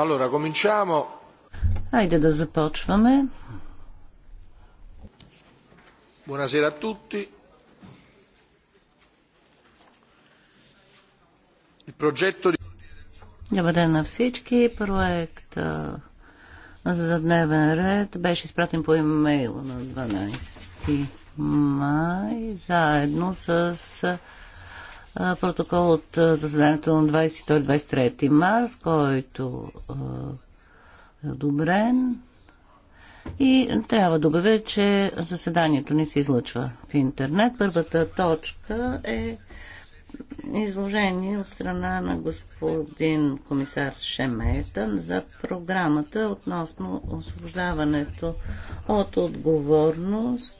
Allora, cominciamo. Хайде да започваме. Buonasera a tutti. Il progetto di... Добър ден на всички. Проект за дневен ред беше изпратен по имейл на 12 май, заедно с протокол от заседанието на 22-23 марс, който е одобрен. И трябва да обявя, че заседанието не се излъчва в интернет. Първата точка е изложение от страна на господин комисар Шеметан за програмата относно освобождаването от отговорност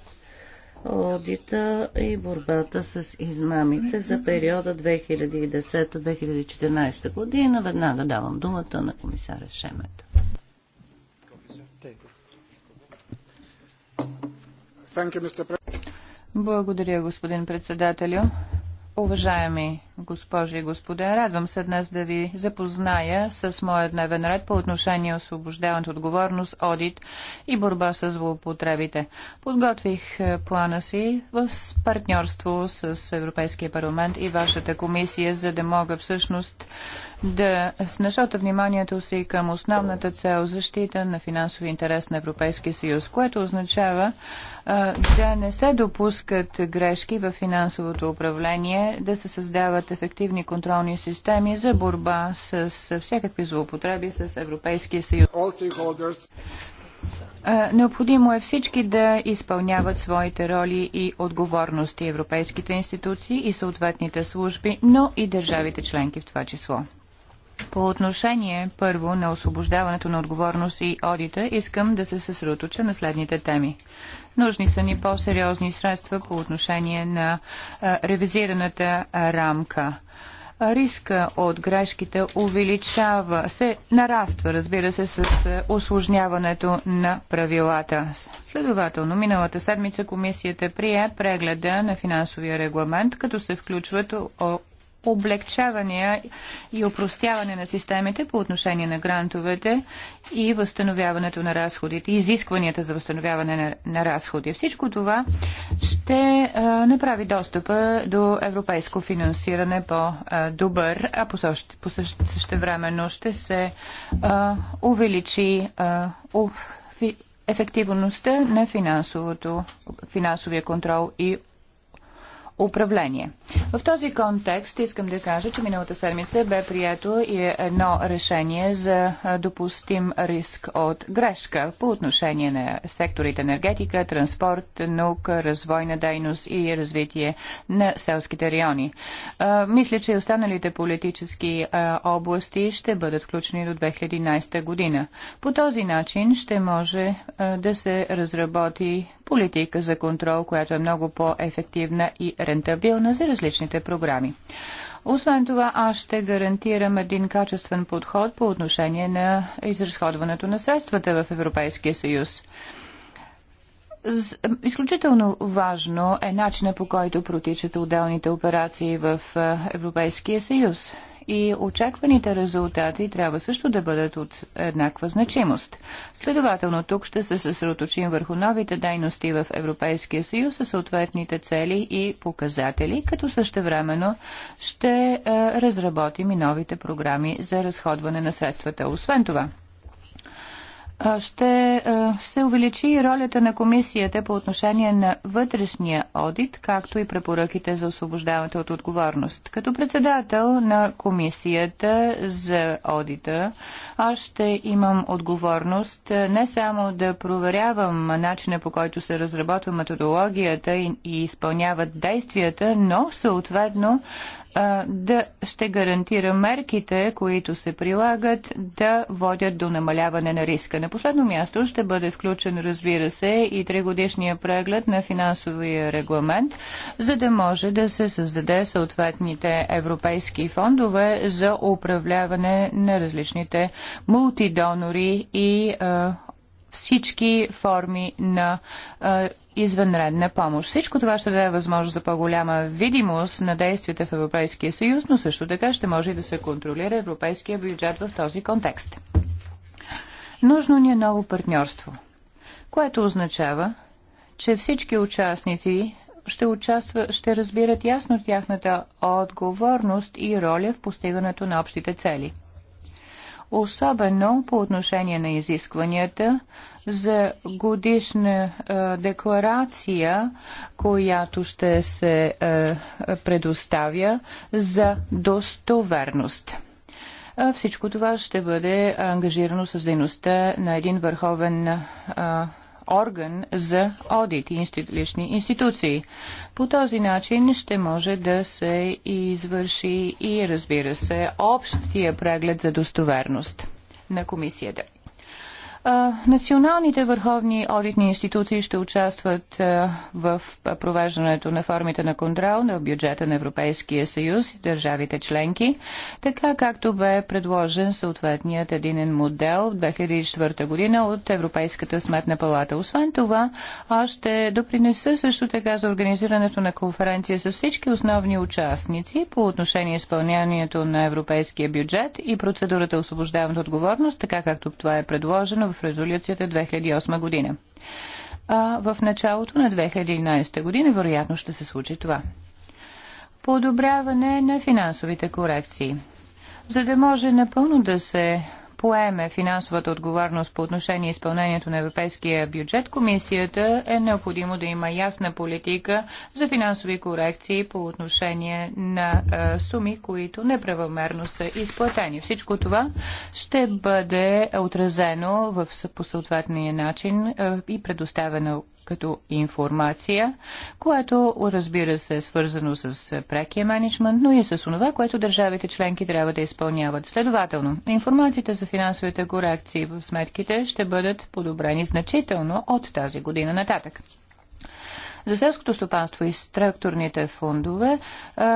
одита и борбата с измамите за периода 2010-2014 година. Веднага давам думата на комисаря Шемета. Благодаря, господин председателю. Уважаеми госпожи и господа, радвам се днес да ви запозная с моя дневен ред по отношение освобождаването отговорност, одит и борба с злоупотребите. Подготвих е, плана си в партньорство с Европейския парламент и вашата комисия, за да мога всъщност да насоча вниманието си към основната цел защита на финансови интерес на Европейския съюз, което означава а, да не се допускат грешки в финансовото управление, да се създават ефективни контролни системи за борба с, с всякакви злоупотреби с Европейския съюз. Необходимо е всички да изпълняват своите роли и отговорности европейските институции и съответните служби, но и държавите членки в това число. По отношение първо на освобождаването на отговорност и одита, искам да се съсредоточа на следните теми. Нужни са ни по-сериозни средства по отношение на а, ревизираната рамка. риска от грешките увеличава, се нараства, разбира се, с осложняването на правилата. Следователно, миналата седмица комисията прие прегледа на финансовия регламент, като се включват облегчавания и опростяване на системите по отношение на грантовете и възстановяването на разходите, изискванията за възстановяване на, на разходи. Всичко това ще а, направи достъпа до европейско финансиране по-добър, а по, същ, по същ, същевременно ще се а, увеличи а, ефективността на финансовия контрол и управление. В този контекст искам да кажа, че миналата седмица бе прието и едно решение за допустим риск от грешка по отношение на секторите енергетика, транспорт, наука, развойна дейност и развитие на селските райони. Мисля, че и останалите политически области ще бъдат включени до 2011 година. По този начин ще може да се разработи политика за контрол, която е много по-ефективна и рентабилна за различните програми. Освен това, аз ще гарантирам един качествен подход по отношение на изразходването на средствата в Европейския съюз. Изключително важно е начина по който протичат отделните операции в е, Европейския съюз и очакваните резултати трябва също да бъдат от еднаква значимост. Следователно тук ще се съсредоточим върху новите дейности в Европейския съюз със съответните цели и показатели, като същевременно ще е, разработим и новите програми за разходване на средствата. Освен това, ще се увеличи и ролята на комисията по отношение на вътрешния одит, както и препоръките за освобождаването от отговорност. Като председател на комисията за одита, аз ще имам отговорност не само да проверявам начина по който се разработва методологията и изпълняват действията, но съответно да ще гарантира мерките, които се прилагат, да водят до намаляване на риска. На последно място ще бъде включен, разбира се, и тригодишния преглед на финансовия регламент, за да може да се създаде съответните европейски фондове за управляване на различните мултидонори и а, всички форми на а, извънредна помощ. Всичко това ще даде възможност за по-голяма видимост на действията в Европейския съюз, но също така ще може и да се контролира европейския бюджет в този контекст. Нужно ни е ново партньорство, което означава, че всички участници ще, участва, ще разбират ясно тяхната отговорност и роля в постигането на общите цели – особено по отношение на изискванията за годишна е, декларация, която ще се е, предоставя за достоверност. Е, всичко това ще бъде ангажирано с дейността на един върховен а, орган за одит и лични институции. По този начин ще може да се извърши и, разбира се, общия преглед за достоверност на комисията. Националните върховни одитни институции ще участват в провеждането на формите на контрол на бюджета на Европейския съюз и държавите членки, така както бе предложен съответният единен модел от 2004 година от Европейската сметна палата. Освен това, аз ще допринеса също така за организирането на конференция с всички основни участници по отношение изпълнението на европейския бюджет и процедурата освобождаване отговорност, така както това е предложено в резолюцията 2008 година. А в началото на 2011 година вероятно ще се случи това. Подобряване на финансовите корекции. За да може напълно да се поеме финансовата отговорност по отношение изпълнението на европейския бюджет, комисията е необходимо да има ясна политика за финансови корекции по отношение на е, суми, които неправомерно са изплатени. Всичко това ще бъде отразено в, по съответния начин е, и предоставено като информация, което разбира се е свързано с е, прекия менеджмент, но и с това, което държавите членки трябва да изпълняват. Следователно, информацията за финансовите корекции в сметките ще бъдат подобрени значително от тази година нататък за селското стопанство и структурните фондове,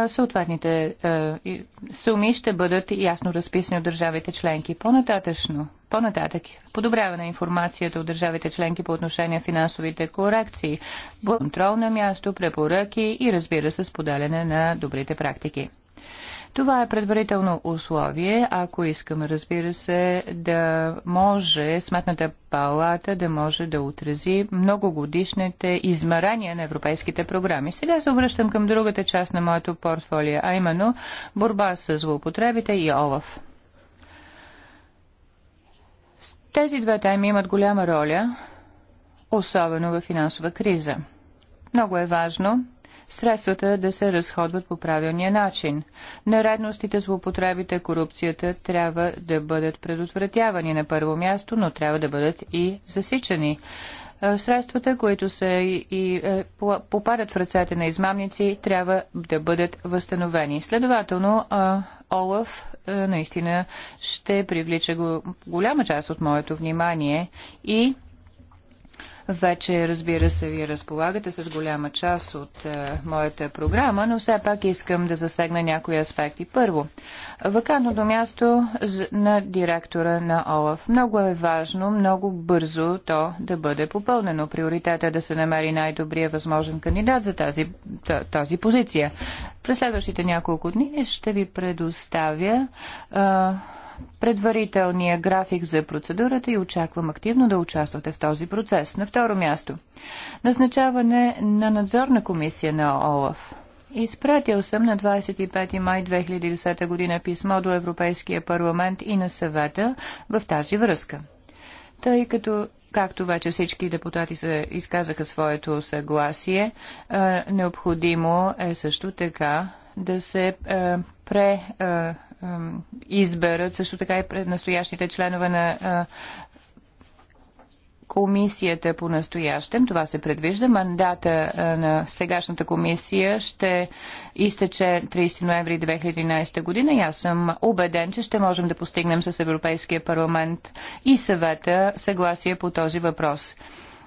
съответните суми ще бъдат ясно разписани от държавите членки. По-нататъчно, по-нататък, подобряване на информацията от държавите членки по отношение на финансовите корекции, контрол на място, препоръки и разбира се, споделяне на добрите практики. Това е предварително условие, ако искаме, разбира се, да може Сметната палата да може да отрази многогодишните измерения на европейските програми. Сега се обръщам към другата част на моето портфолио, а именно борба с злоупотребите и ОЛАФ. Тези две теми имат голяма роля, особено в финансова криза. Много е важно средствата да се разходват по правилния начин. Нередностите, злоупотребите, корупцията трябва да бъдат предотвратявани на първо място, но трябва да бъдат и засичани. Е, средствата, които се и, и е, попадат в ръцете на измамници, трябва да бъдат възстановени. Следователно, е, Олаф наистина ще привлича голяма част от моето внимание и вече, разбира се, вие разполагате с голяма част от е, моята програма, но все пак искам да засегна някои аспекти. Първо, вакантното място на директора на ОЛАФ. Много е важно, много бързо то да бъде попълнено. Приоритета е да се намери най-добрия възможен кандидат за тази, тази позиция. През следващите няколко дни ще ви предоставя е, предварителния график за процедурата и очаквам активно да участвате в този процес. На второ място, назначаване на надзорна комисия на ОЛАФ. Изпратил съм на 25 май 2010 година писмо до Европейския парламент и на съвета в тази връзка. Тъй като Както вече всички депутати се изказаха своето съгласие, е, необходимо е също така да се е, пре е, изберат също така и настоящите членове на комисията по настоящем, това се предвижда, мандата на сегашната комисия ще изтече 30 ноември 2011 година и аз съм убеден, че ще можем да постигнем с Европейския парламент и съвета съгласие по този въпрос.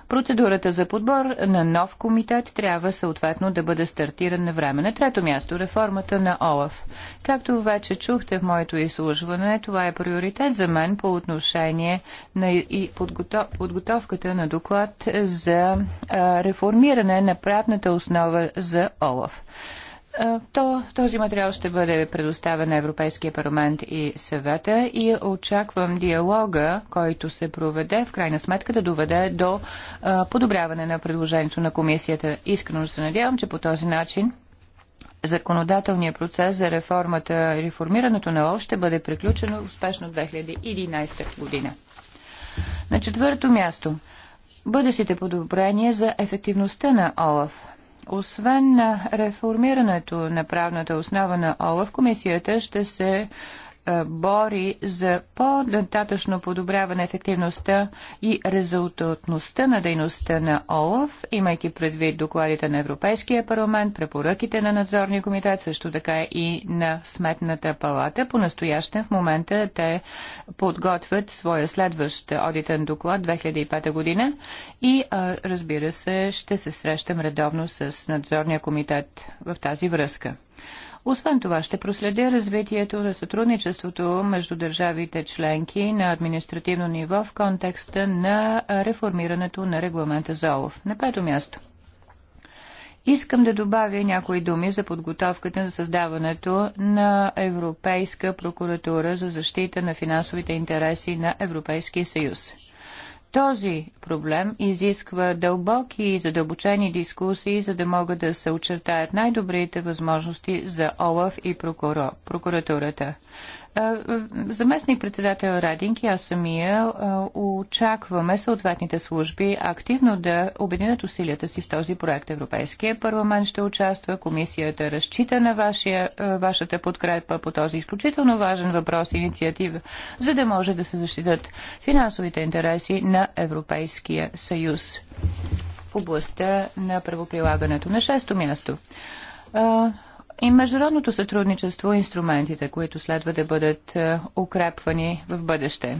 Процедурата за подбор на нов комитет трябва съответно да бъде стартиран на време. На трето място реформата на ОЛАФ. Както вече чухте в моето изслужване, това е приоритет за мен по отношение на и подготов, подготовката на доклад за а, реформиране на правната основа за ОЛАФ. Е, то, този материал ще бъде предоставен на Европейския парламент и съвета и очаквам диалога, който се проведе, в крайна сметка да доведе до а, е, подобряване на предложението на комисията. Искрено се надявам, че по този начин законодателният процес за реформата, и реформирането на ОВ ще бъде приключено успешно 2011 година. На четвърто място бъдещите подобрения за ефективността на ОЛАФ – освен на реформирането на правната основа на ОЛАФ, комисията ще се е, бори за по-нататъчно подобряване ефективността и резултатността на дейността на ОЛАФ, имайки предвид докладите на Европейския парламент, препоръките на надзорния комитет, също така и на Сметната палата. По-настоящен в момента те подготвят своя следващ одитен доклад 2005 година и е, разбира се ще се срещам редовно с надзорния комитет в тази връзка. Освен това, ще проследя развитието на сътрудничеството между държавите членки на административно ниво в контекста на реформирането на регламента за ОЛОВ. На пето място. Искам да добавя някои думи за подготовката за създаването на Европейска прокуратура за защита на финансовите интереси на Европейския съюз. Този проблем изисква дълбоки и задълбочени дискусии, за да могат да се очертаят най-добрите възможности за ОЛАФ и прокуратурата. Е, заместник председател Радинг и аз самия е, очакваме съответните служби активно да обединят усилията си в този проект. Европейския парламент ще участва, комисията разчита на вашия, е, вашата подкрепа по този изключително важен въпрос и инициатива, за да може да се защитат финансовите интереси на Европейския съюз в областта на правоприлагането. На шесто място и международното сътрудничество, инструментите, които следва да бъдат е, укрепвани в бъдеще.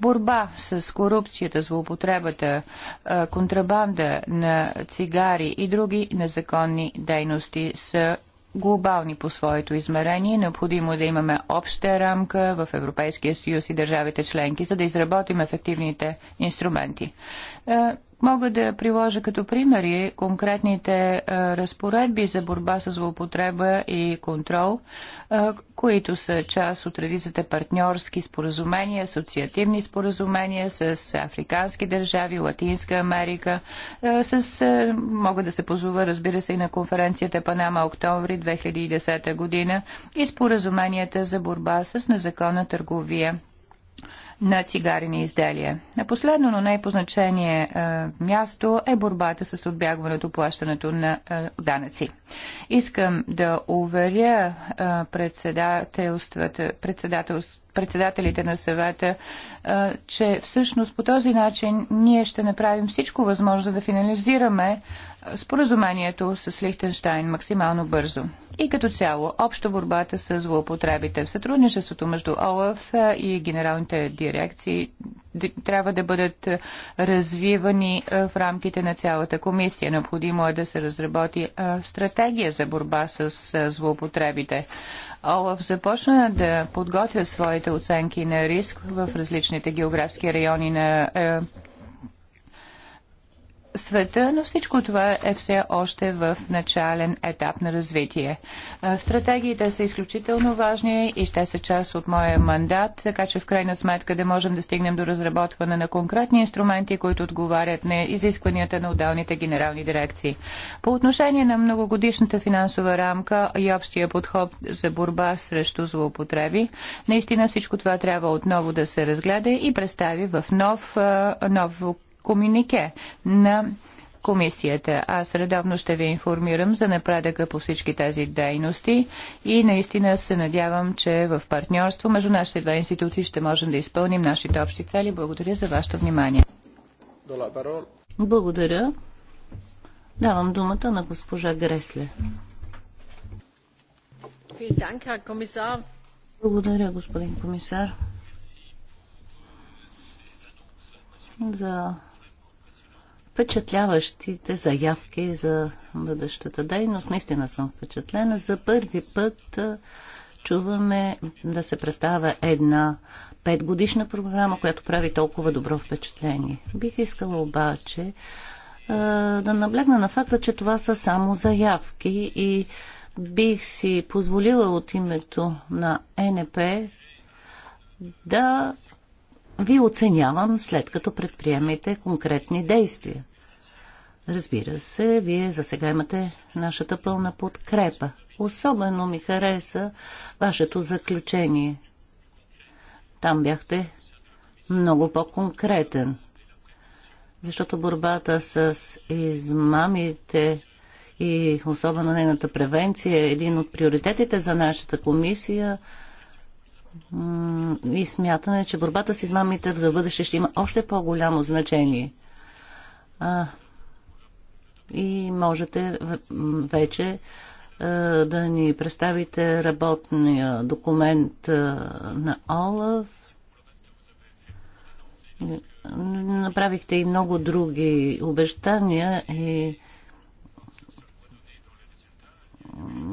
Борба с корупцията, злоупотребата, е, контрабанда на цигари и други незаконни дейности са глобални по своето измерение. Необходимо е да имаме обща рамка в Европейския съюз и държавите членки, за да изработим ефективните инструменти. Мога да приложа като примери конкретните а, е, разпоредби за борба с злоупотреба и контрол, а, е, които са част от редицата партньорски споразумения, асоциативни споразумения с африкански държави, Латинска Америка. А, е, с, мога да се позова, разбира се, и на конференцията Панама октомври 2010 година и споразуменията за борба с незаконна търговия на цигарени изделия. На последно, но не по значение място е борбата с отбягването плащането на данъци. Искам да уверя председателствата, председателствата председателите на съвета, че всъщност по този начин ние ще направим всичко възможно да финализираме споразумението с Лихтенштайн максимално бързо и като цяло общо борбата с злоупотребите. В сътрудничеството между ОЛАФ и генералните дирекции трябва да бъдат развивани в рамките на цялата комисия. Необходимо е да се разработи стратегия за борба с злоупотребите. Олаф започна да подготвя своите оценки на риск в различните географски райони на света, но всичко това е все още в начален етап на развитие. Стратегиите са изключително важни и ще са част от моя мандат, така че в крайна сметка да можем да стигнем до разработване на конкретни инструменти, които отговарят на изискванията на отдалните генерални дирекции. По отношение на многогодишната финансова рамка и общия подход за борба срещу злоупотреби, наистина всичко това трябва отново да се разгледа и представи в нов, нов комюнике на комисията. Аз редовно ще ви информирам за напредъка по всички тези дейности и наистина се надявам, че в партньорство между нашите две институции ще можем да изпълним нашите общи цели. Благодаря за вашето внимание. Благодаря. Давам думата на госпожа Гресле. Благодаря, господин комисар, за впечатляващите заявки за бъдещата дейност. Наистина съм впечатлена. За първи път чуваме да се представя една петгодишна програма, която прави толкова добро впечатление. Бих искала обаче да наблегна на факта, че това са само заявки и бих си позволила от името на НП да ви оценявам след като предприемете конкретни действия. Разбира се, вие за сега имате нашата пълна подкрепа. Особено ми хареса вашето заключение. Там бяхте много по-конкретен. Защото борбата с измамите и особено нейната превенция е един от приоритетите за нашата комисия – и смятаме, че борбата с измамите в бъдеще ще има още по-голямо значение. А, и можете вече а, да ни представите работния документ а, на ОЛАВ. Направихте и много други обещания и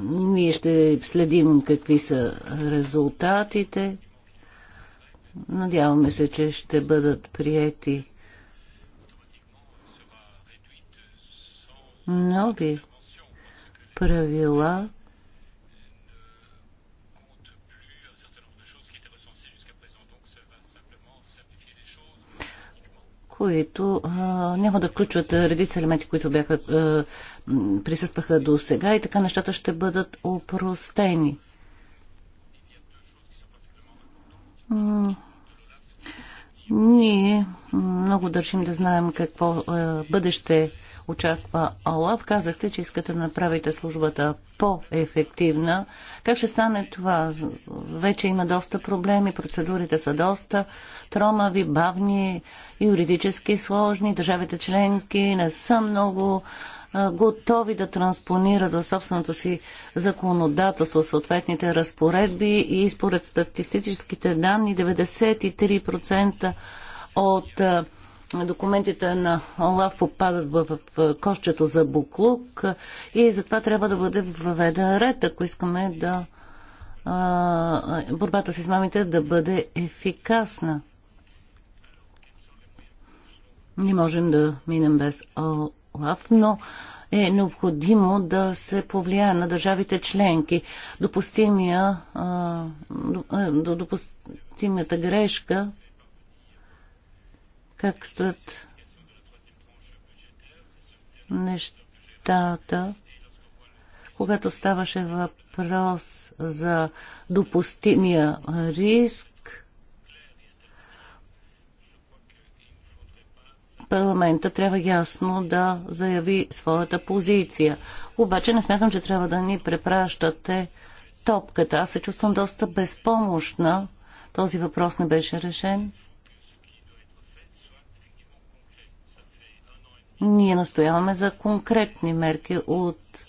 ние ще следим какви са резултатите. Надяваме се, че ще бъдат приети нови правила които а, няма да включват редица елементи, които бяха, а, присъстваха до сега и така нещата ще бъдат опростени. Ние много държим да знаем какво е, бъдеще очаква Олаф. Казахте, че искате да направите службата по-ефективна. Как ще стане това? Вече има доста проблеми, процедурите са доста тромави, бавни, юридически сложни, държавите членки не са много готови да транспонират в собственото си законодателство съответните разпоредби и според статистическите данни 93% от документите на ОЛАВ попадат в кощето за буклук и затова трябва да бъде въведен ред, ако искаме да борбата с измамите да бъде ефикасна. Не можем да минем без Лав, но е необходимо да се повлияе на държавите членки. Допустимия, а, до допустимията грешка, как стоят нещата, когато ставаше въпрос за допустимия риск, парламента трябва ясно да заяви своята позиция. Обаче не смятам, че трябва да ни препращате топката. Аз се чувствам доста безпомощна. Този въпрос не беше решен. Ние настояваме за конкретни мерки. От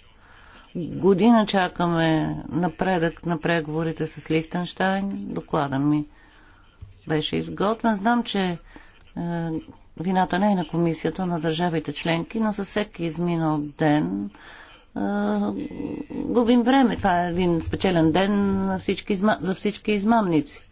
година чакаме напредък на преговорите с Лихтенштайн. Доклада ми беше изготвен. Знам, че е, вината не е на комисията, на държавите членки, но за всеки изминал ден а, губим време. Това е един спечелен ден на всички изма... за всички измамници.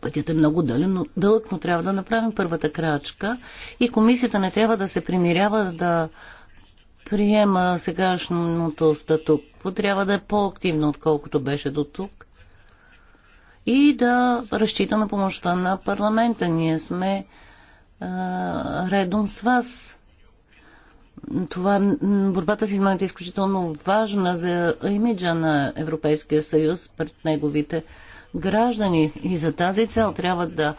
Пътят е много но дълъг, но трябва да направим първата крачка и комисията не трябва да се примирява да приема сегашното статук. Трябва да е по-активно, отколкото беше до тук и да разчита на помощта на парламента. Ние сме а, редом с вас. Това, борбата с измамите е изключително важна за имиджа на Европейския съюз пред неговите граждани. И за тази цел трябва да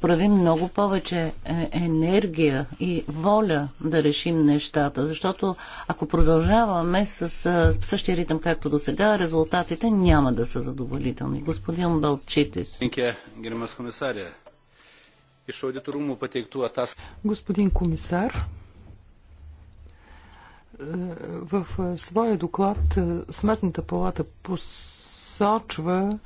проявим много повече е, енергия и воля да решим нещата, защото ако продължаваме с същия ритъм както до сега, резултатите няма да са задоволителни. Господин Балчитис. Господин комисар, в своя доклад Сметната палата посочва,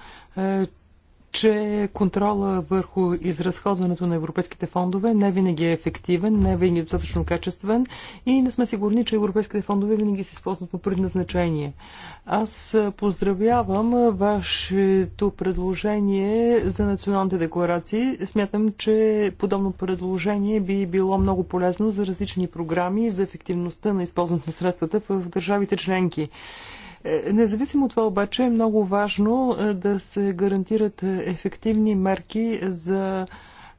че контрола върху изразходването на европейските фондове не винаги е ефективен, не винаги е достатъчно качествен и не сме сигурни, че европейските фондове винаги се използват по предназначение. Аз поздравявам вашето предложение за националните декларации. Смятам, че подобно предложение би било много полезно за различни програми и за ефективността на използването на средствата в държавите членки. Е, независимо от това обаче е много важно е, да се гарантират ефективни мерки за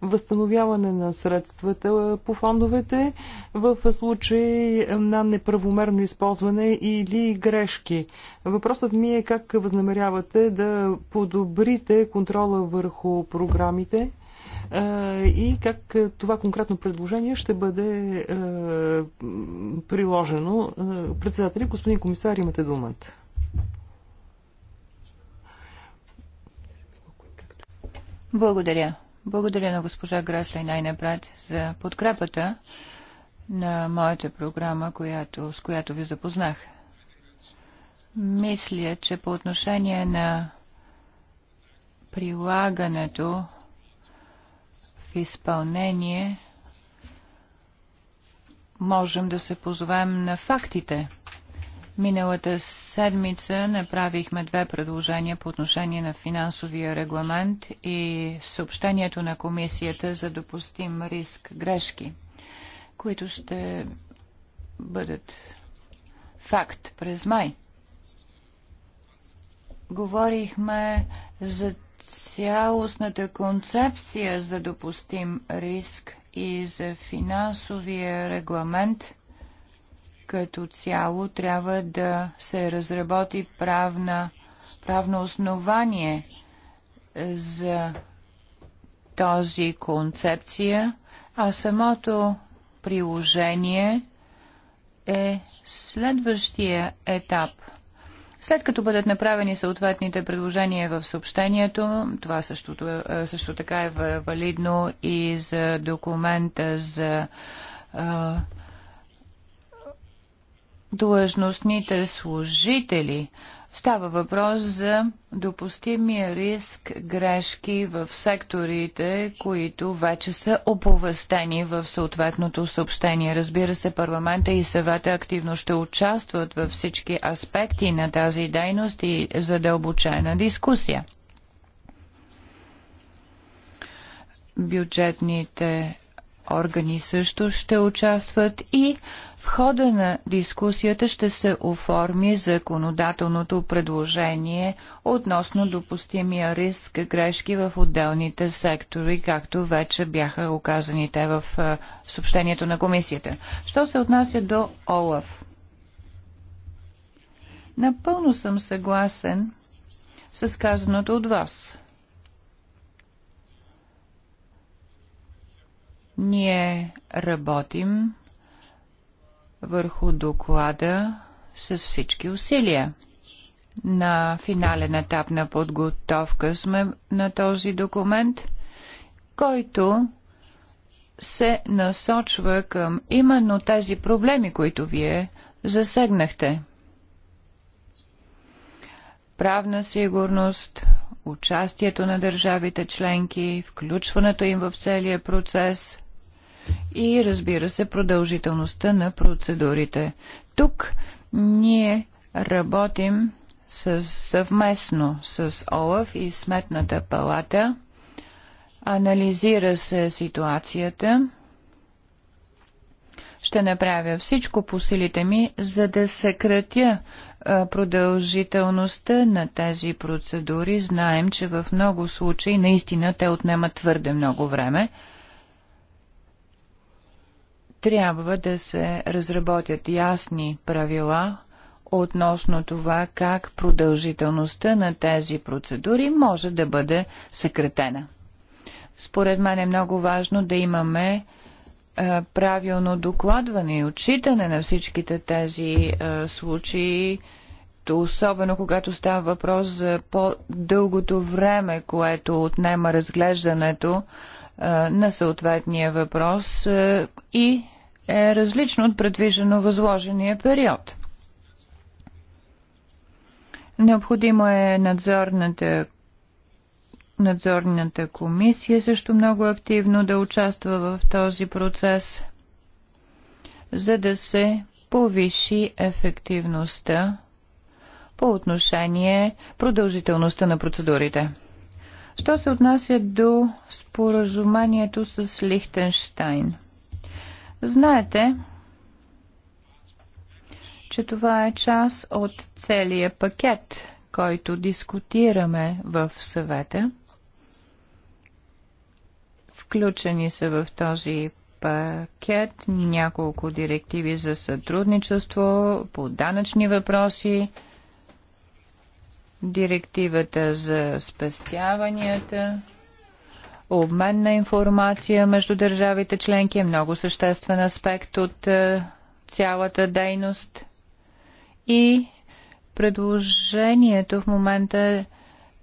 възстановяване на средствата по фондовете в случай на неправомерно използване или грешки. Въпросът ми е как възнамерявате да подобрите контрола върху програмите и как това конкретно предложение ще бъде приложено. Председатели, господин комисар, имате думата. Благодаря. Благодаря на госпожа и най-напред за подкрепата на моята програма, която, с която ви запознах. Мисля, че по отношение на прилагането изпълнение можем да се позовем на фактите. Миналата седмица направихме две предложения по отношение на финансовия регламент и съобщението на комисията за допустим риск грешки, които ще бъдат факт през май. Говорихме за цялостната концепция за допустим риск и за финансовия регламент като цяло трябва да се разработи правна, правно основание за този концепция, а самото приложение е следващия етап – след като бъдат направени съответните предложения в съобщението, това също, е, също така е валидно и за документа за а, длъжностните служители. Става въпрос за допустимия риск грешки в секторите, които вече са оповестени в съответното съобщение. Разбира се, парламента и съвета активно ще участват във всички аспекти на тази дейност и задълбочена дискусия. Бюджетните органи също ще участват и в хода на дискусията ще се оформи законодателното предложение относно допустимия риск грешки в отделните сектори, както вече бяха оказани те в съобщението на комисията. Що се отнася до ОЛАФ? Напълно съм съгласен с казаното от вас. Ние работим върху доклада с всички усилия. На финален етап на подготовка сме на този документ, който се насочва към именно тези проблеми, които вие засегнахте. Правна сигурност, участието на държавите членки, включването им в целия процес – и разбира се продължителността на процедурите. Тук ние работим с, съвместно с ОЛАФ и Сметната палата. Анализира се ситуацията. Ще направя всичко по силите ми, за да съкратя продължителността на тези процедури. Знаем, че в много случаи наистина те отнемат твърде много време трябва да се разработят ясни правила относно това как продължителността на тези процедури може да бъде съкретена. Според мен е много важно да имаме правилно докладване и отчитане на всичките тези случаи, особено когато става въпрос за по-дългото време, което отнема разглеждането на съответния въпрос и е различно от предвижено възложения период. Необходимо е надзорната надзорната комисия също много активно да участва в този процес, за да се повиши ефективността по отношение продължителността на процедурите. Що се отнася до споразумението с Лихтенштайн? Знаете, че това е част от целия пакет, който дискутираме в съвета. Включени са в този пакет няколко директиви за сътрудничество по данъчни въпроси, директивата за спестяванията, обмен на информация между държавите членки е много съществен аспект от е, цялата дейност. И предложението в момента е,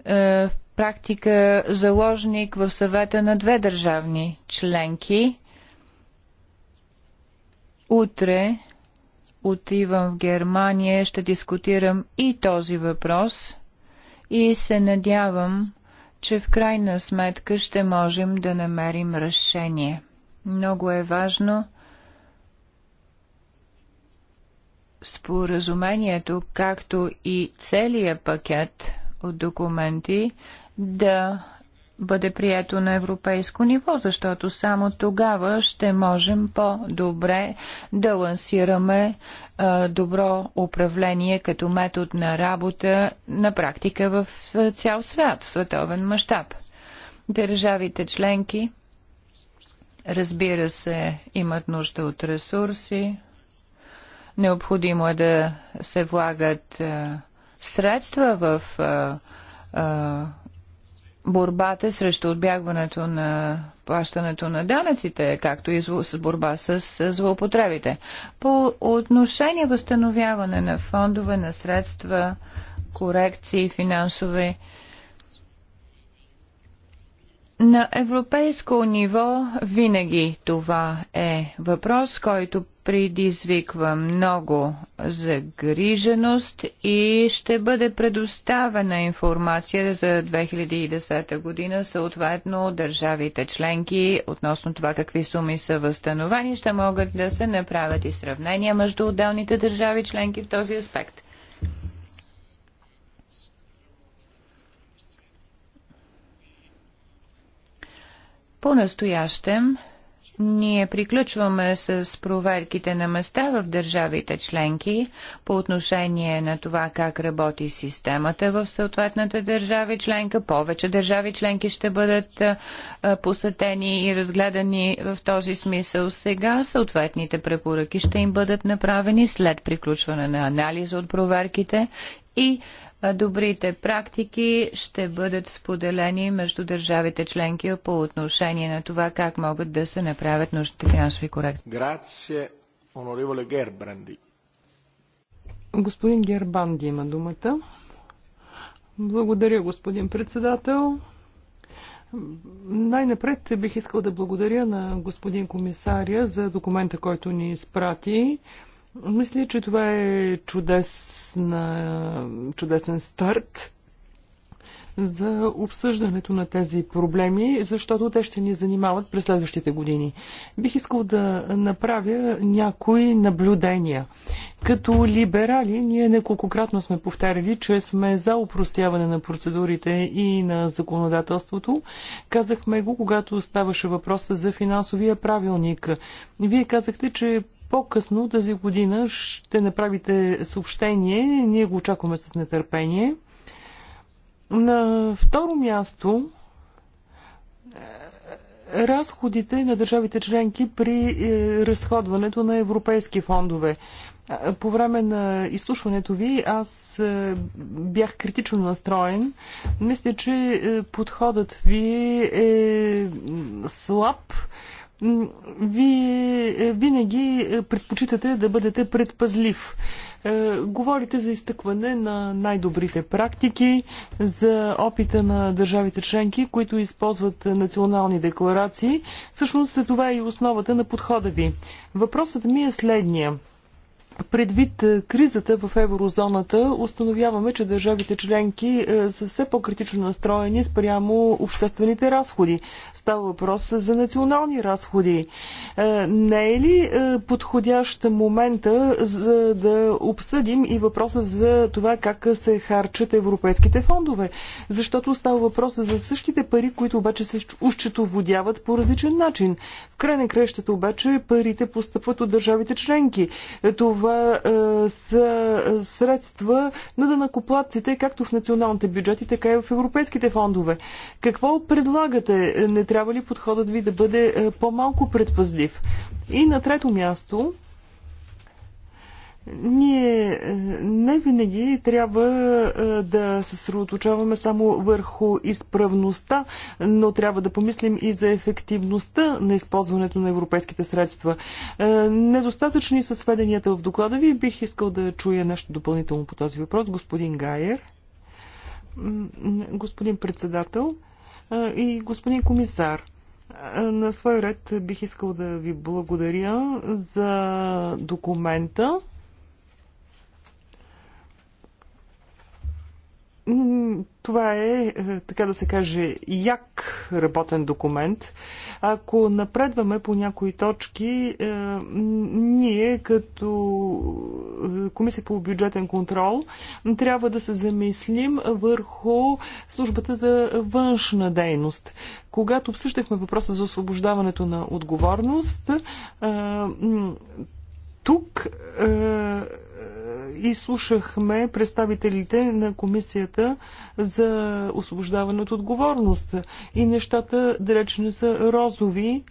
е в практика заложник в съвета на две държавни членки. Утре отивам в Германия, ще дискутирам и този въпрос – и се надявам, че в крайна сметка ще можем да намерим решение. Много е важно споразумението, както и целият пакет от документи да бъде прието на европейско ниво, защото само тогава ще можем по-добре да лансираме а, добро управление като метод на работа на практика в цял свят, в световен мащаб. Държавите членки, разбира се, имат нужда от ресурси. Необходимо е да се влагат а, средства в а, борбата срещу отбягването на плащането на данъците, както и с борба с злоупотребите. По отношение възстановяване на фондове, на средства, корекции финансови, на европейско ниво винаги това е въпрос, който предизвиква много загриженост и ще бъде предоставена информация за 2010 година, съответно държавите членки, относно това какви суми са възстановени, ще могат да се направят и сравнения между отделните държави членки в този аспект. По-настоящем ние приключваме с проверките на места в държавите членки по отношение на това как работи системата в съответната държави членка. Повече държави членки ще бъдат посетени и разгледани в този смисъл сега. Съответните препоръки ще им бъдат направени след приключване на анализа от проверките и добрите практики ще бъдат споделени между държавите членки по отношение на това как могат да се направят нужните финансови корекции. Грация, Гербранди. Господин Гербанди има думата. Благодаря, господин председател. Най-напред бих искал да благодаря на господин комисаря за документа, който ни изпрати. Мисля, че това е чудесна, чудесен старт за обсъждането на тези проблеми, защото те ще ни занимават през следващите години. Бих искал да направя някои наблюдения. Като либерали, ние неколкократно сме повтаряли, че сме за упростяване на процедурите и на законодателството. Казахме го, когато ставаше въпрос за финансовия правилник. Вие казахте, че по-късно тази година ще направите съобщение. Ние го очакваме с нетърпение. На второ място е, разходите на държавите членки при е, разходването на европейски фондове. Е, по време на изслушването ви аз бях критично настроен. Мисля, че подходът ви е слаб вие е, винаги е, предпочитате да бъдете предпазлив. Е, говорите за изтъкване на най-добрите практики, за опита на държавите членки, които използват национални декларации. Всъщност това е и основата на подхода ви. Въпросът ми е следния. Предвид е, кризата в еврозоната, установяваме, че държавите членки е, са все по-критично настроени спрямо обществените разходи. Става въпрос за национални разходи. Е, не е ли подходящ момента за да обсъдим и въпроса за това как се харчат европейските фондове? Защото става въпрос за същите пари, които обаче се ущетоводяват по различен начин. В край на крещата обаче парите постъпват от държавите членки. Това това е, са средства на данакоплатците, както в националните бюджети, така и в европейските фондове. Какво предлагате? Не трябва ли подходът ви да бъде е, по-малко предпазлив? И на трето място, ние е, не винаги трябва е, да се съсредоточаваме само върху изправността, но трябва да помислим и за ефективността на използването на европейските средства. Е, недостатъчни са сведенията в доклада ви. Бих искал да чуя нещо допълнително по този въпрос. Господин Гайер, господин председател и господин комисар. На свой ред бих искал да ви благодаря за документа. Това е, е, така да се каже, як работен документ. Ако напредваме по някои точки, е, ние като е, Комисия по бюджетен контрол трябва да се замислим върху службата за външна дейност. Когато обсъждахме въпроса за освобождаването на отговорност, тук изслушахме представителите на комисията за освобождаване от отговорност. И нещата, далеч не са розови,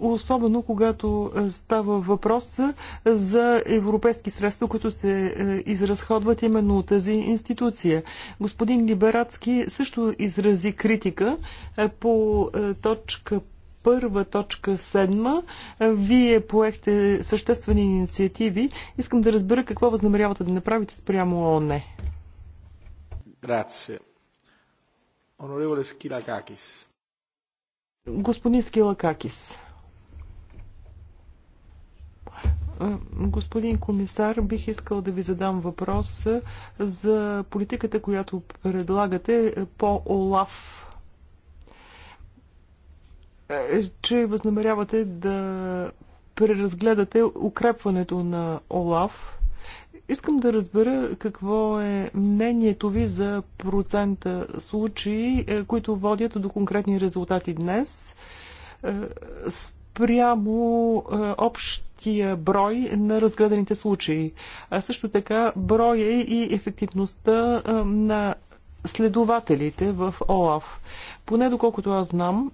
особено когато става въпрос за европейски средства, които се е, изразходват именно от тази институция. Господин Либерацки също изрази критика е, по е, точка първа точка седма. Вие поехте съществени инициативи. Искам да разбера какво възнамерявате да направите спрямо ООН. Грация. Онореволе Скилакакис. Господин Скилакакис. Господин комисар, бих искал да ви задам въпрос за политиката, която предлагате по ОЛАФ е, че възнамерявате да преразгледате укрепването на ОЛАФ. Искам да разбера какво е мнението ви за процента случаи, е, които водят до конкретни резултати днес е, спрямо общия брой на разгледаните случаи. А също така броя и ефективността на следователите в ОЛАВ. Поне доколкото аз знам,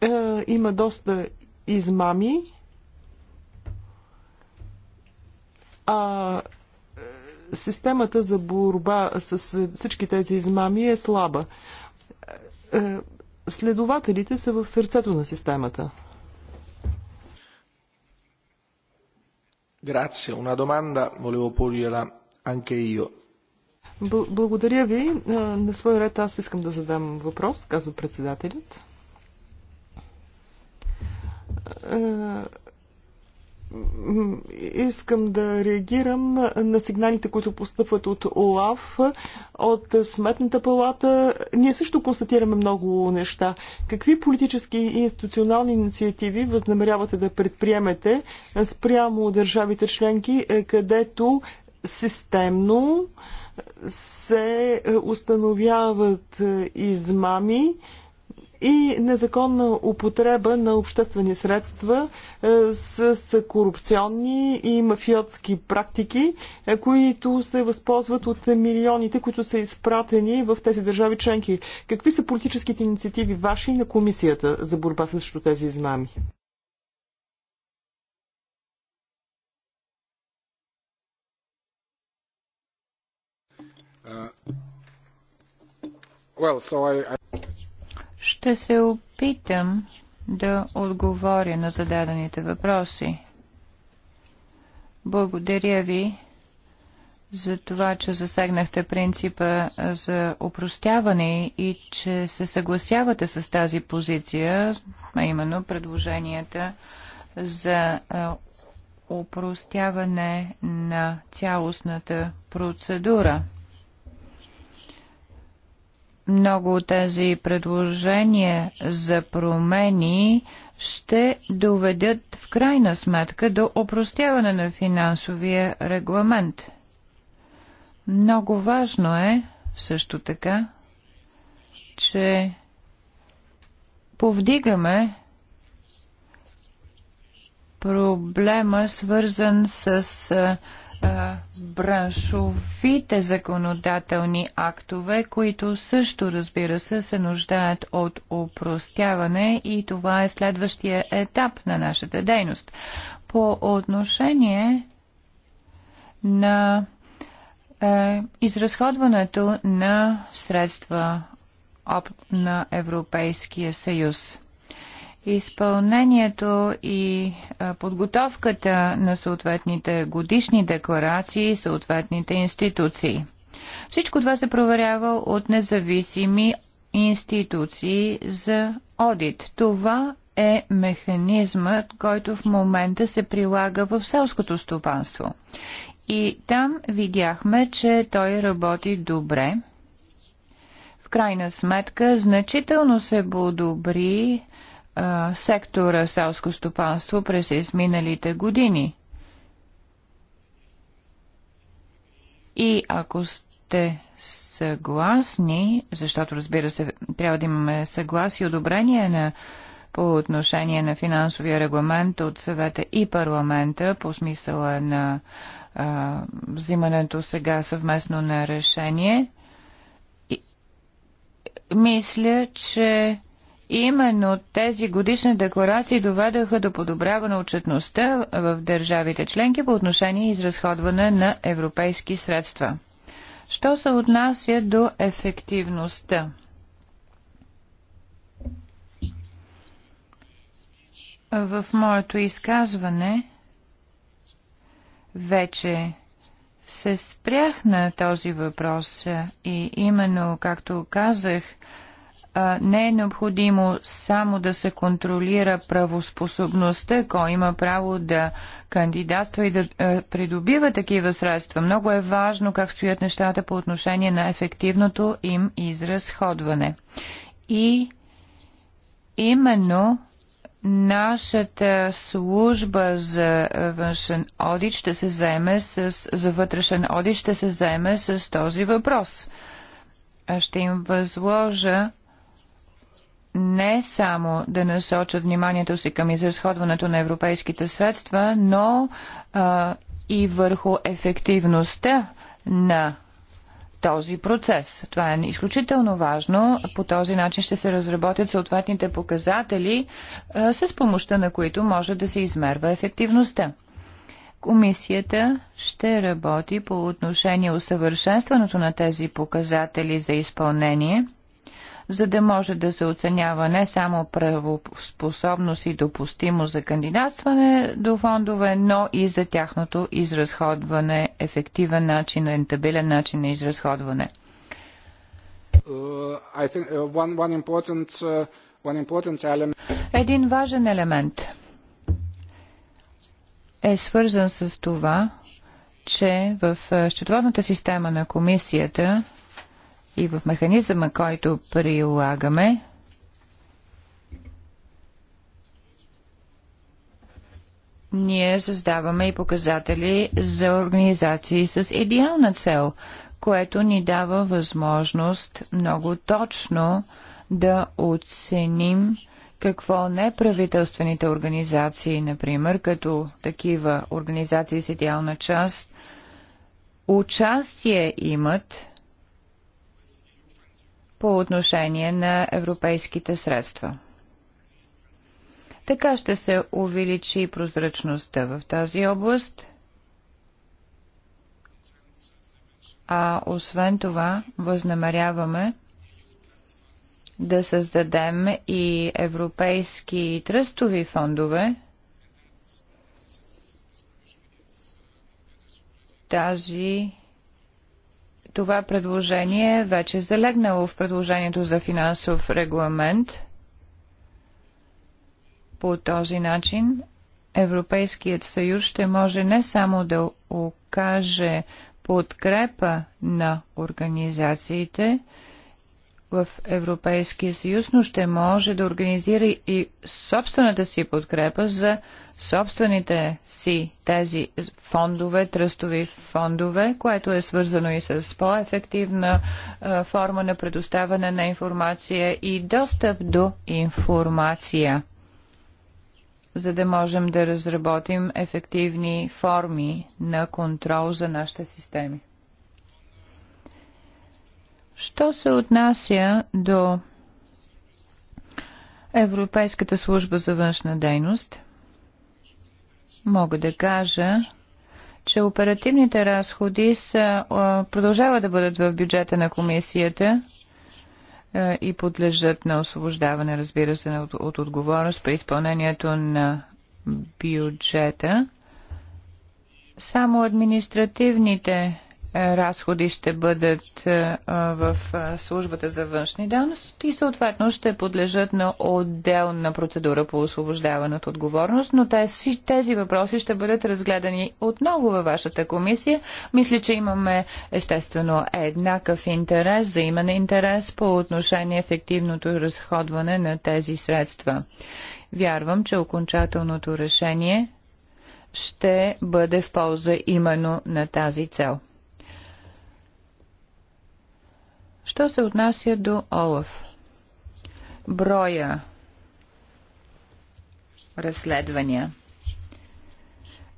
е, има доста измами. А системата за борба с всички тези измами е слаба. Е, следователите са в сърцето на системата. Grazie, una domanda volevo porgliela anche io. Благодаря ви. Е, на свой ред аз искам да задам въпрос, казва председателят. Е, искам да реагирам на сигналите, които постъпват от ОЛАВ, от Сметната палата. Ние също констатираме много неща. Какви политически и институционални инициативи възнамерявате да предприемете спрямо държавите членки, е, където системно се установяват измами, и незаконна употреба на обществени средства е, с, корупционни и мафиотски практики, е, които се възползват от милионите, които са изпратени в тези държави членки. Какви са политическите инициативи ваши на комисията за борба срещу тези измами? Uh, well, so I, I... Ще се опитам да отговоря на зададените въпроси. Благодаря ви за това, че засегнахте принципа за опростяване и че се съгласявате с тази позиция, а именно предложенията за опростяване на цялостната процедура много от тези предложения за промени ще доведат в крайна сметка до опростяване на финансовия регламент. Много важно е също така, че повдигаме проблема, свързан с браншовите законодателни актове, които също, разбира се, се нуждаят от упростяване и това е следващия етап на нашата дейност. По отношение на е, изразходването на средства на Европейския съюз изпълнението и подготовката на съответните годишни декларации и съответните институции. Всичко това се проверява от независими институции за одит. Това е механизмът, който в момента се прилага в селското стопанство. И там видяхме, че той работи добре. В крайна сметка, значително се подобри а, сектора селско стопанство през изминалите години. И ако сте съгласни, защото разбира се, трябва да имаме съгласие и одобрение на по отношение на финансовия регламент от съвета и парламента по смисъла на а, взимането сега съвместно на решение. И, мисля, че Именно тези годишни декларации доведаха до подобряване отчетността в държавите членки по отношение изразходване на европейски средства. Що се отнася до ефективността? В моето изказване вече се спрях на този въпрос и именно, както казах, не е необходимо само да се контролира правоспособността, кой има право да кандидатства и да придобива такива средства. Много е важно как стоят нещата по отношение на ефективното им изразходване. И именно нашата служба за външен одит ще се заеме с, за вътрешен одит ще се заеме с този въпрос. Ще им възложа не само да насочат вниманието си към изразходването на европейските средства, но а, и върху ефективността на този процес. Това е изключително важно. По този начин ще се разработят съответните показатели, а, с помощта на които може да се измерва ефективността. Комисията ще работи по отношение усъвършенстването на тези показатели за изпълнение – за да може да се оценява не само правоспособност и допустимост за кандидатстване до фондове, но и за тяхното изразходване, ефективен начин, рентабилен начин на изразходване. Uh, uh, uh, Един важен елемент е свързан с това, че в счетоводната система на комисията и в механизъма, който прилагаме, ние създаваме и показатели за организации с идеална цел, което ни дава възможност много точно да оценим какво неправителствените организации, например, като такива организации с идеална част, участие имат по отношение на европейските средства. Така ще се увеличи прозрачността в тази област. А освен това, възнамеряваме да създадем и европейски тръстови фондове. Тази това предложение вече е залегнало в предложението за финансов регламент. По този начин Европейският съюз ще може не само да окаже подкрепа на организациите, в Европейския съюз, но ще може да организира и собствената си подкрепа за собствените си тези фондове, тръстови фондове, което е свързано и с по-ефективна форма на предоставяне на информация и достъп до информация, за да можем да разработим ефективни форми на контрол за нашите системи. Що се отнася до Европейската служба за външна дейност, мога да кажа, че оперативните разходи са, продължават да бъдат в бюджета на комисията и подлежат на освобождаване, разбира се, от, от отговорност при изпълнението на бюджета. Само административните разходи ще бъдат е, е, в е, службата за външни данности и съответно ще подлежат на отделна процедура по освобождаване от отговорност, но тези, тези въпроси ще бъдат разгледани отново във вашата комисия. Мисля, че имаме естествено еднакъв интерес, взаимен интерес по отношение ефективното разходване на тези средства. Вярвам, че окончателното решение ще бъде в полза именно на тази цел. Що се отнася до Олаф? Броя разследвания.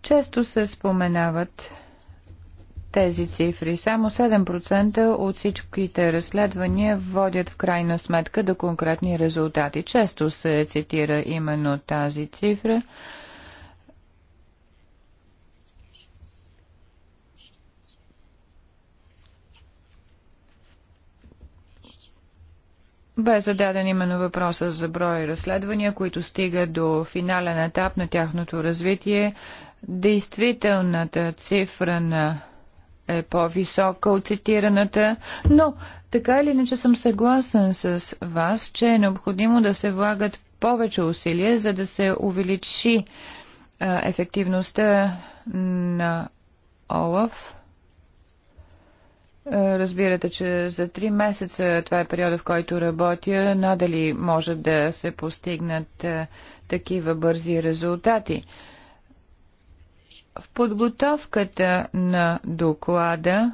Често се споменават тези цифри. Само 7% от всичките разследвания водят в крайна сметка до конкретни резултати. Често се цитира именно тази цифра. Бе зададен именно въпроса за брой разследвания, които стига до финален етап на тяхното развитие. Действителната цифра на е по-висока от цитираната, но така или иначе съм съгласен с вас, че е необходимо да се влагат повече усилия, за да се увеличи а, ефективността на ОЛАФ е, разбирате, че за три месеца това е периода, в който работя. Надали може да се постигнат е, такива бързи резултати. В подготовката на доклада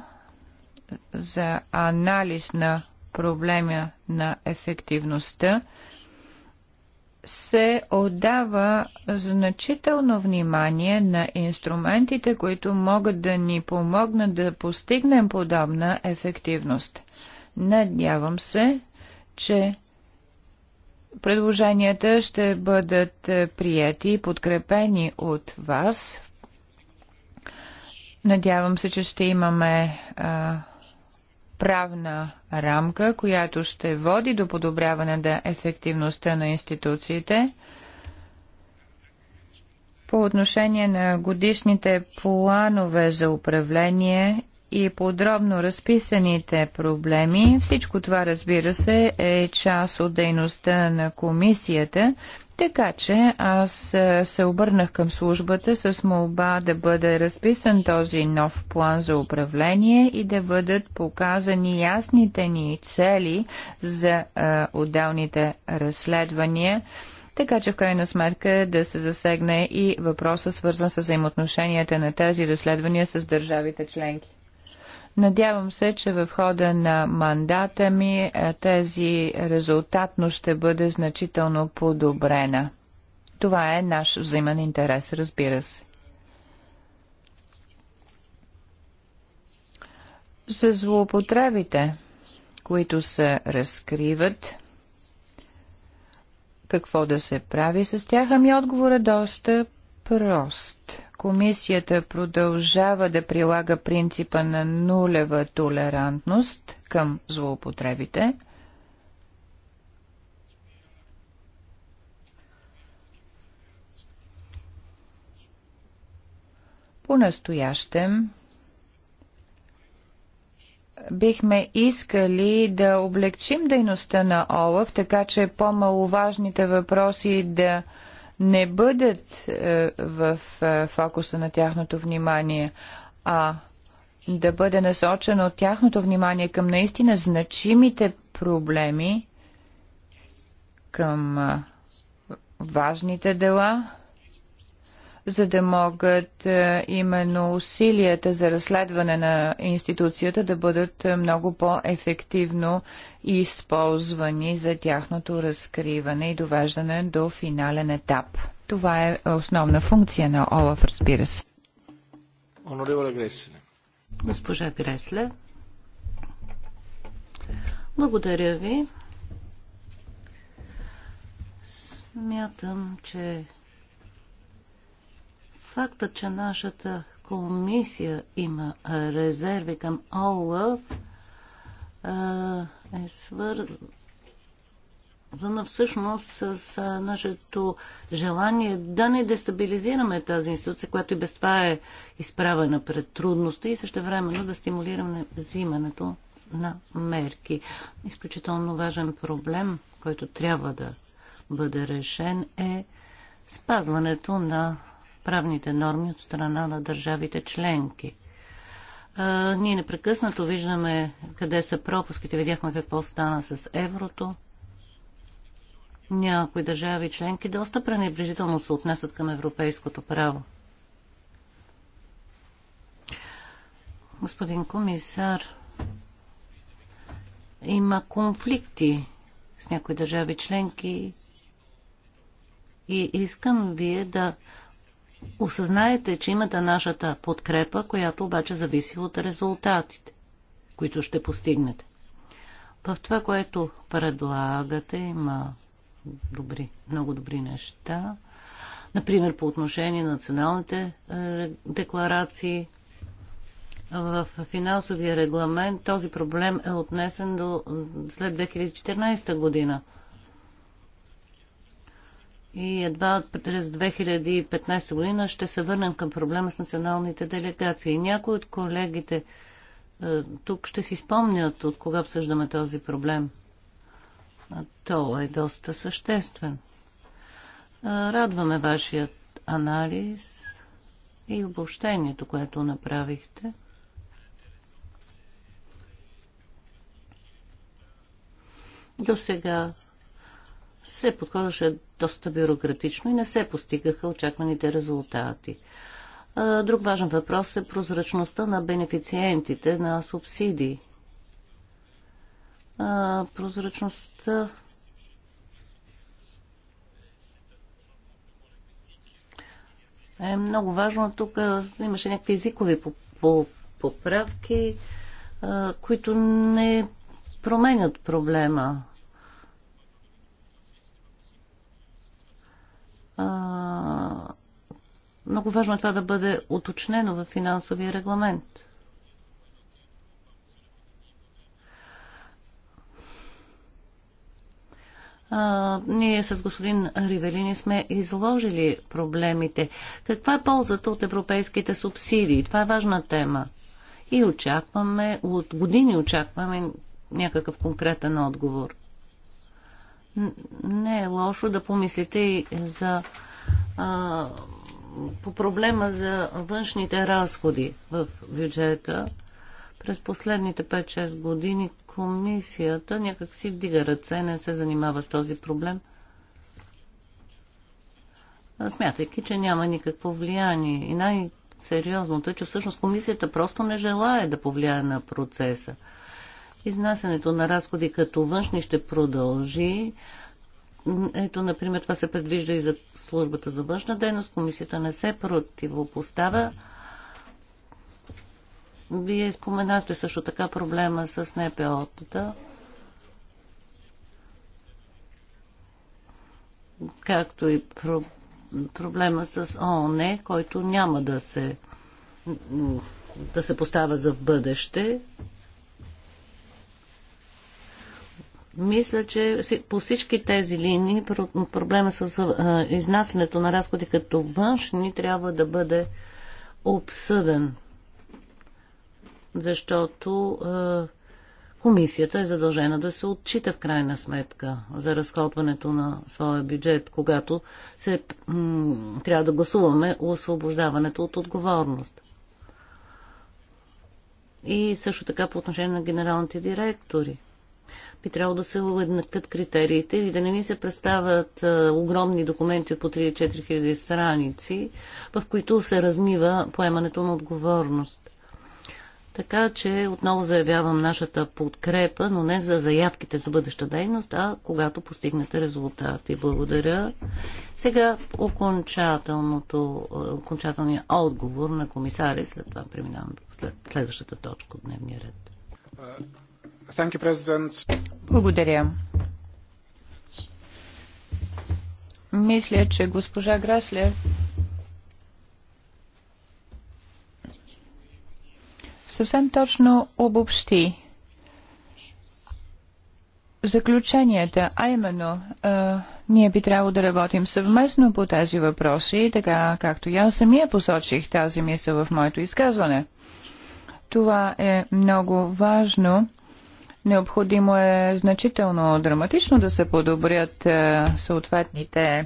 за анализ на проблема на ефективността, се отдава значително внимание на инструментите, които могат да ни помогнат да постигнем подобна ефективност. Надявам се, че предложенията ще бъдат прияти и подкрепени от вас. Надявам се, че ще имаме а, правна рамка, която ще води до подобряване на ефективността на институциите. По отношение на годишните планове за управление и подробно разписаните проблеми, всичко това разбира се е част от дейността на комисията така че аз е, се обърнах към службата с молба да бъде разписан този нов план за управление и да бъдат показани ясните ни цели за а, е, отделните разследвания така че в крайна сметка да се засегне и въпроса свързан с взаимоотношенията на тези разследвания с държавите членки. Надявам се, че в хода на мандата ми е, тези резултатно ще бъде значително подобрена. Това е наш взаимен интерес, разбира се. За злоупотребите, които се разкриват, какво да се прави с тях, ами отговор е доста прост. Комисията продължава да прилага принципа на нулева толерантност към злоупотребите. По-настоящем бихме искали да облегчим дейността на ОЛАФ, така че по-маловажните въпроси да не бъдат е, в е, фокуса на тяхното внимание, а да бъде насочено тяхното внимание към наистина значимите проблеми, към е, важните дела, за да могат е, именно усилията за разследване на институцията да бъдат е, много по-ефективно използвани за тяхното разкриване и довеждане до финален етап. Това е основна функция на ОЛАФ, разбира се. Госпожа Гресле. Благодаря ви. Смятам, че Факта, че нашата комисия има резерви към ОЛАФ, е свързана всъщност с нашето желание да не дестабилизираме тази институция, която и без това е изправена пред трудности и също времено да стимулираме взимането на мерки. Изключително важен проблем, който трябва да бъде решен е спазването на правните норми от страна на държавите членки. А, ние непрекъснато виждаме къде са пропуските. Видяхме какво стана с еврото. Някои държави членки доста пренебрежително се отнесат към европейското право. Господин комисар, има конфликти с някои държави членки и искам вие да Осъзнаете, че имате нашата подкрепа, която обаче зависи от резултатите, които ще постигнете. В това, което предлагате, има добри, много добри неща. Например, по отношение на националните е, декларации, в финансовия регламент този проблем е отнесен до след 2014 година и едва през 2015 година ще се върнем към проблема с националните делегации. Някои от колегите е, тук ще си спомнят от кога обсъждаме този проблем. То е доста съществен. Е, радваме вашият анализ и обобщението, което направихте. До сега се подхождаше доста бюрократично и не се постигаха очакваните резултати. Друг важен въпрос е прозрачността на бенефициентите на субсидии. Прозрачността е много важно. Тук имаше някакви езикови поправки, които не променят проблема. много важно е това да бъде уточнено в финансовия регламент. А, ние с господин Ривелини сме изложили проблемите. Каква е ползата от европейските субсидии? Това е важна тема. И очакваме, от години очакваме някакъв конкретен отговор не е лошо да помислите и за а, по проблема за външните разходи в бюджета. През последните 5-6 години комисията някак си вдига ръце, не се занимава с този проблем, смятайки, че няма никакво влияние. И най-сериозното е, че всъщност комисията просто не желая да повлияе на процеса. Изнасянето на разходи като външни ще продължи. Ето, например, това се предвижда и за службата за външна дейност. Комисията не се противопоставя. Вие споменахте също така проблема с НПО-тата. Както и про- проблема с ООН, който няма да се да се поставя за бъдеще. Мисля, че по всички тези линии проблема с изнасянето на разходи като външни трябва да бъде обсъден. Защото комисията е задължена да се отчита в крайна сметка за разходването на своя бюджет, когато се, трябва да гласуваме освобождаването от отговорност. И също така по отношение на генералните директори – би трябвало да се уеднакват критериите или да не ни се представят а, огромни документи по 3-4 хиляди страници, в които се размива поемането на отговорност. Така че отново заявявам нашата подкрепа, но не за заявките за бъдеща дейност, а когато постигнете резултати. Благодаря. Сега окончателният отговор на комисаря, след това преминавам след, следващата точка от дневния ред. Благодаря. Мисля, че госпожа Грасле съвсем точно обобщи заключенията, а именно а, ние би трябвало да работим съвместно по тези въпроси, така както я самия посочих тази мисъл в моето изказване. Това е много важно Необходимо е значително драматично да се подобрят е, съответните е,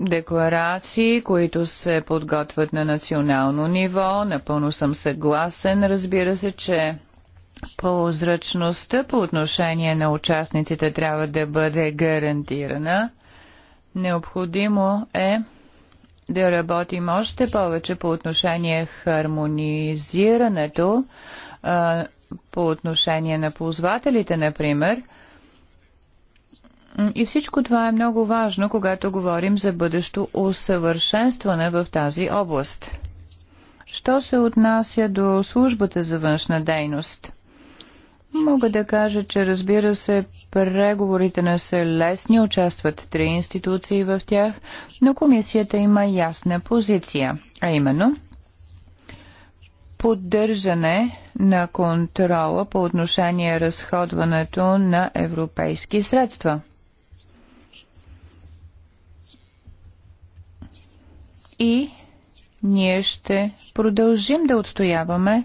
декларации, които се подготвят на национално ниво. Напълно съм съгласен, разбира се, че прозрачността по отношение на участниците трябва да бъде гарантирана. Необходимо е да работим още повече по отношение хармонизирането, по отношение на ползвателите, например. И всичко това е много важно, когато говорим за бъдещо усъвършенстване в тази област. Що се отнася до службата за външна дейност? Мога да кажа, че разбира се, преговорите не са лесни, участват три институции в тях, но комисията има ясна позиция, а именно поддържане на контрола по отношение разходването на европейски средства. И ние ще продължим да отстояваме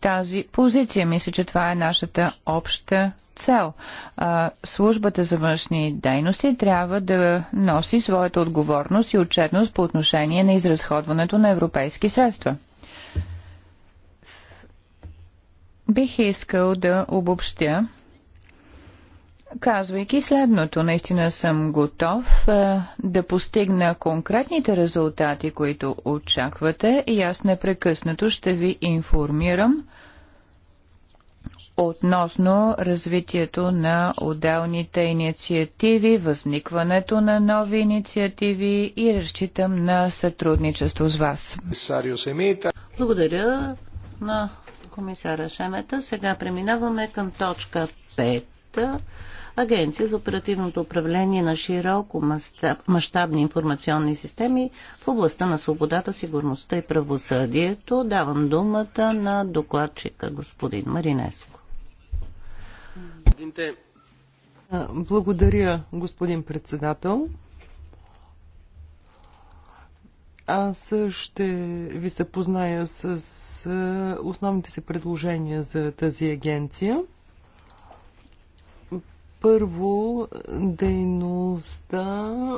тази позиция. Мисля, че това е нашата обща цел. службата за външни дейности трябва да носи своята отговорност и отчетност по отношение на изразходването на европейски средства. Бих искал да обобщя казвайки следното. Наистина съм готов е, да постигна конкретните резултати, които очаквате и аз непрекъснато ще ви информирам относно развитието на отделните инициативи, възникването на нови инициативи и разчитам на сътрудничество с вас. Благодаря на комисара Шемета. Сега преминаваме към точка 5 Европейската агенция за оперативното управление на широко мащабни информационни системи в областта на свободата, сигурността и правосъдието. Давам думата на докладчика господин Маринеско. Благодаря, господин председател. Аз ще ви запозная с основните си предложения за тази агенция. Първо, дейността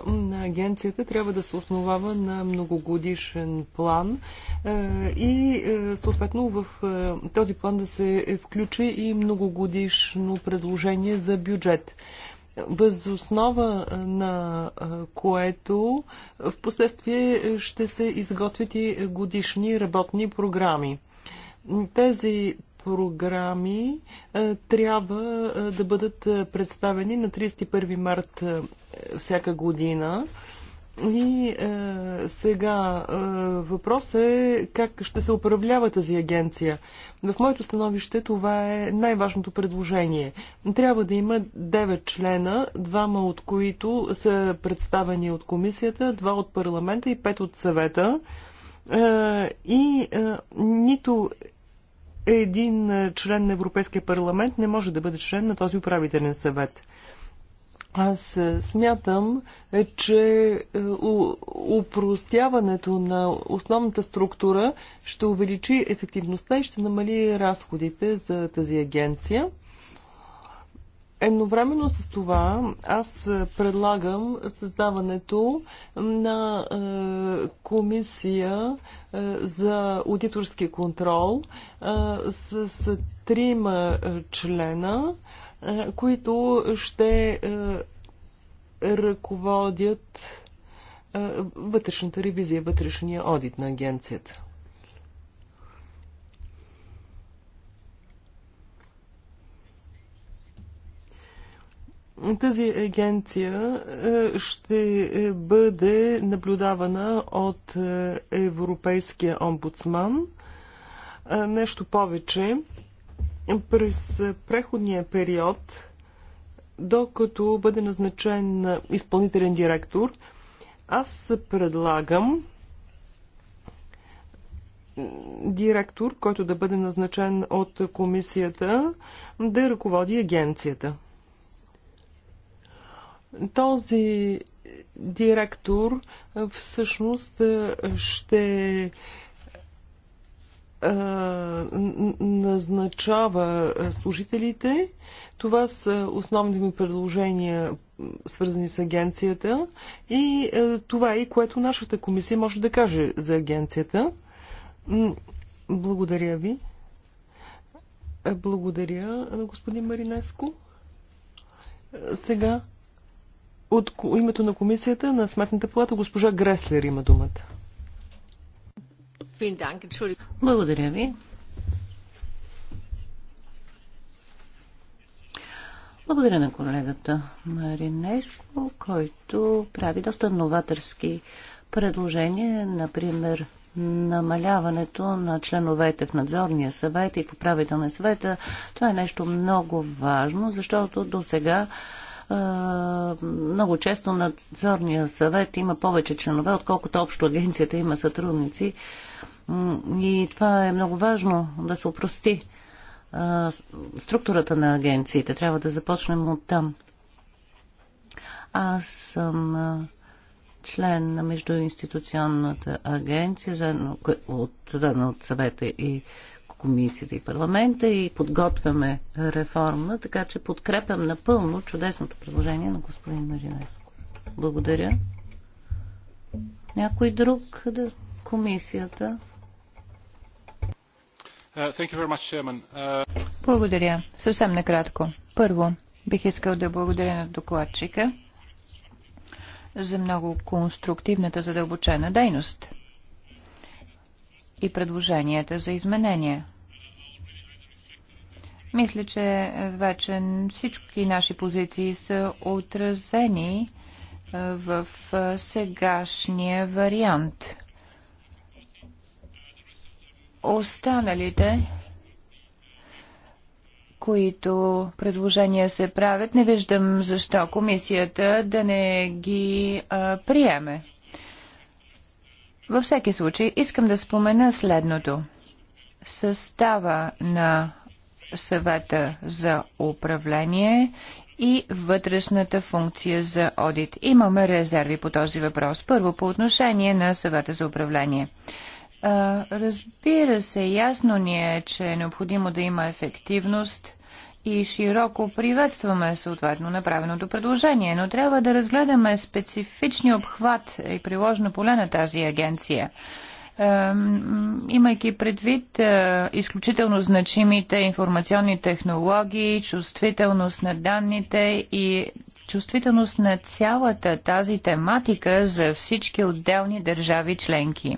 на агенцията трябва да се основава на многогодишен план е, и е, съответно в е, този план да се включи и многогодишно предложение за бюджет възоснова на което в последствие ще се изготвят и годишни работни програми. Тези програми трябва да бъдат представени на 31 март всяка година. И е, сега е, въпросът е как ще се управлява тази агенция. В моето становище това е най-важното предложение. Трябва да има 9 члена, двама от които са представени от комисията, два от парламента и 5 от съвета. Е, и е, нито един е, член на Европейския парламент не може да бъде член на този управителен съвет. Аз е, смятам, е, че упростяването на основната структура ще увеличи ефективността и ще намали разходите за тази агенция. Едновременно с това аз е, предлагам създаването на е, комисия е, за аудиторски контрол с, с трима члена, които ще ръководят вътрешната ревизия, вътрешния одит на агенцията. Тази агенция е, ще е, бъде наблюдавана от е, Европейския омбудсман. Нещо повече, през преходния период, докато бъде назначен изпълнителен директор, аз предлагам директор, който да бъде назначен от комисията, да ръководи агенцията. Този директор всъщност ще назначава служителите. Това са основни ми предложения, свързани с агенцията. И това е и което нашата комисия може да каже за агенцията. Благодаря ви. Благодаря, господин Маринеско. Сега от името на комисията на Сметната палата госпожа Греслер има думата. Благодаря ви. Благодаря на колегата Маринеско, който прави доста новаторски предложения, например намаляването на членовете в надзорния съвет и в управителния съвет. Това е нещо много важно, защото до сега много често надзорния съвет има повече членове, отколкото общо агенцията има сътрудници. И това е много важно да се опрости структурата на агенциите. Трябва да започнем от там. Аз съм член на Междуинституционната агенция, заедно от, заедно от съвета и комисията и парламента и подготвяме реформа, така че подкрепям напълно чудесното предложение на господин Маринеско. Благодаря. Някой друг да комисията? Uh, uh, благодаря. Съвсем накратко. Първо, бих искал да благодаря на докладчика за много конструктивната задълбочена дейност – и предложенията за изменения. Мисля, че вече всички наши позиции са отразени е, в е, сегашния вариант. Останалите, които предложения се правят, не виждам защо комисията да не ги а, е, приеме. Във всеки случай искам да спомена следното. Състава на съвета за управление и вътрешната функция за одит. Имаме резерви по този въпрос. Първо, по отношение на съвета за управление. Разбира се, ясно ни е, че е необходимо да има ефективност и широко приветстваме съответно направеното предложение, но трябва да разгледаме специфични обхват и приложено поле на тази агенция имайки предвид е, изключително значимите информационни технологии, чувствителност на данните и чувствителност на цялата тази тематика за всички отделни държави членки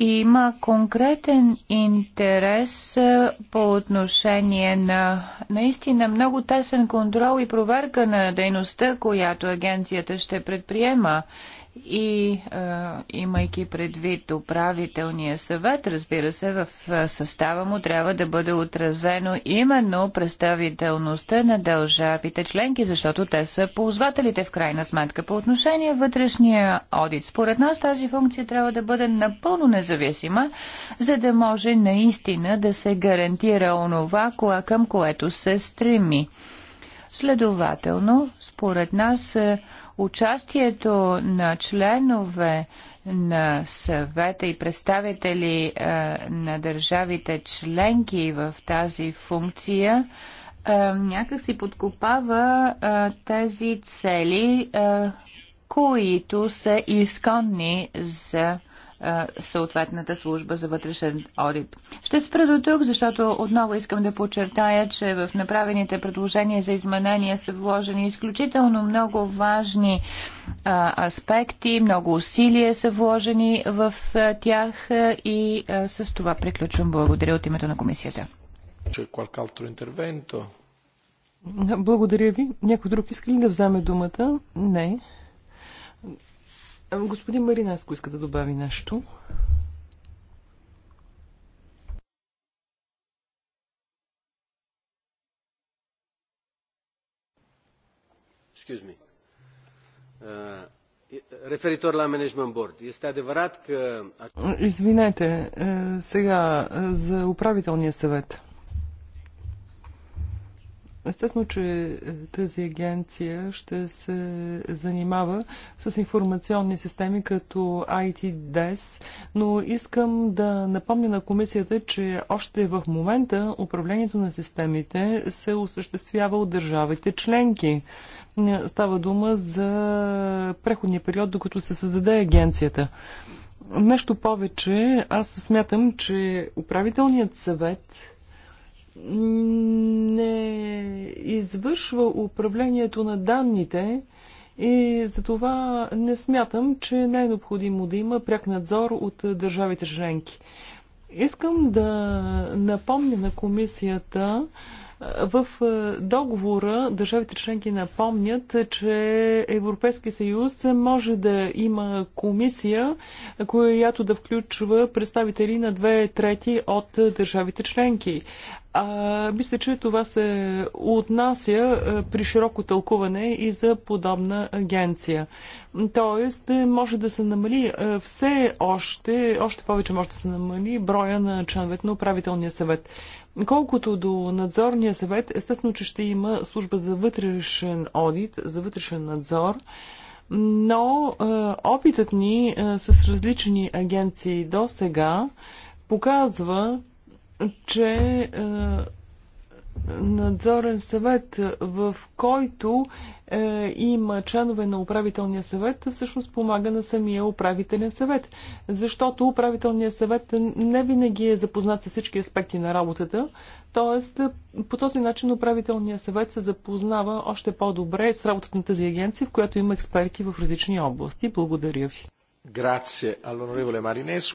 има конкретен интерес е, по отношение на наистина много тесен контрол и проверка на дейността, която агенцията ще предприема и а, имайки предвид управителния съвет, разбира се, в състава му трябва да бъде отразено именно представителността на държавите членки, защото те са ползвателите в крайна сметка. По отношение вътрешния одит, според нас тази функция трябва да бъде напълно независима, за да може наистина да се гарантира онова, към което се стреми. Следователно, според нас, е, участието на членове на съвета и представители е, на държавите членки в тази функция е, някак си подкопава тези цели, които са изконни за съответната служба за вътрешен одит. Ще спра до тук, защото отново искам да подчертая, че в направените предложения за изменения са вложени изключително много важни а, аспекти, много усилия са вложени в а, тях а, и а, с това приключвам. Благодаря от името на комисията. Благодаря ви. Някой друг иска ли да вземе думата? Не. Ами, господин Маринаско иска да добави нещо. Реферитор uh, la Management Board. Este adevărat că... Извинете, е, сега е, за управителния съвет. Естествено, че е, тази агенция ще се занимава с информационни системи като ITDES, но искам да напомня на комисията, че още в момента управлението на системите се осъществява от държавите членки. Е, става дума за преходния период, докато се създаде агенцията. Нещо повече, аз смятам, че управителният съвет не извършва управлението на данните и затова не смятам, че не е необходимо да има пряк надзор от държавите членки. Искам да напомня на комисията, в договора държавите членки напомнят, че Европейски съюз може да има комисия, която да включва представители на две трети от държавите членки. А, мисля, че това се отнася при широко тълкуване и за подобна агенция. Тоест, може да се намали все още, още повече може да се намали броя на членовете на управителния съвет. Колкото до надзорния съвет, естествено, че ще има служба за вътрешен одит, за вътрешен надзор но а, опитът ни а, с различни агенции до сега показва, че е, надзорен съвет, в който е, има членове на управителния съвет, всъщност помага на самия управителен съвет. Защото управителният съвет не винаги е запознат с всички аспекти на работата, т.е. по този начин управителният съвет се запознава още по-добре с работата на тази агенция, в която има експерти в различни области. Благодаря ви. Grazie all'onorevole Marinés.